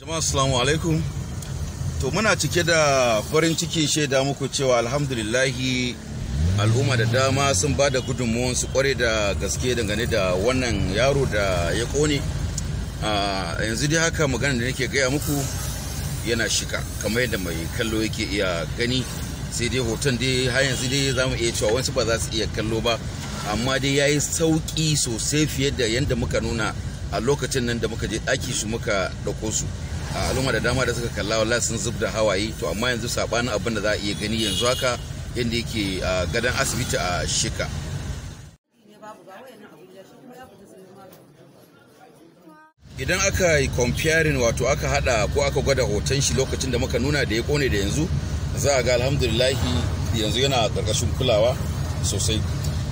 jama'a assalamu alaikum to muna cike da farin ciki shaida muku cewa alhamdulillahi al'umma da dama sun ba da gudunmuwan su kware da gaske dangane da wannan yaro da ya kone yanzu dai haka magana da nake gaya muku yana shika kamar yadda mai kallo yake iya gani sai dai hoton dai har yanzu dai za mu iya cewa wasu ba za su iya kallo ba amma dai ya yi sauƙi sosai fiye da yadda muka nuna a lokacin nan da muka je ɗaki su muka ɗauko su a al'umma da dama da suka kalla wallahi sun zub da hawaye to amma yanzu sabanin abin da za a iya gani yanzu haka yadda yake a gadon asibiti a shika idan aka yi comparing wato aka hada ko aka gwada hoton shi lokacin da muka nuna da ya kone da yanzu za a ga alhamdulillahi yanzu yana karkashin kulawa sosai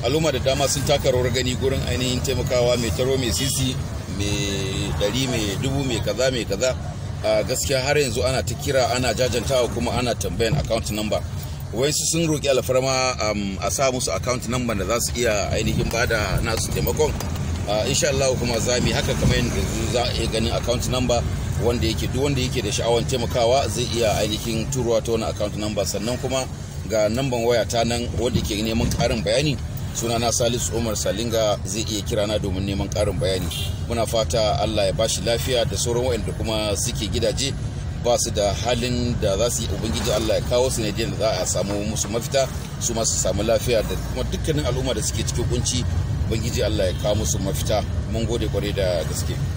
al'umma da dama sun taka rawar gani gurin ainihin taimakawa mai taro mai sisi mai dari mai dubu mai kaza mai kaza a gaskiya har yanzu ana ta kira ana jajantawa kuma ana tambayan account number wayansu sun roƙi alfarma um, a sa musu account number da za su iya ainihin bada nasu taimakon insha Allah kuma za mu haka kamar yanzu za a iya ganin account number wanda yake duk wanda yake da sha'awar taimakawa zai iya ainihin turuwa ta wani account number sannan kuma ga namban waya ta nan wanda ke neman ƙarin bayani sunana salisu umar salinga zai iya kirana domin neman karin bayani muna fata allah ya bashi lafiya da sauran waɗanda kuma suke gidaje ba su da halin da za su yi ubangiji allah ya kawo su ne da za a samu musu mafita su ma samu lafiya da kuma dukkanin al'umma da suke cikin kunci ubangiji allah ya kawo musu mafita mun gode kwarai da gaske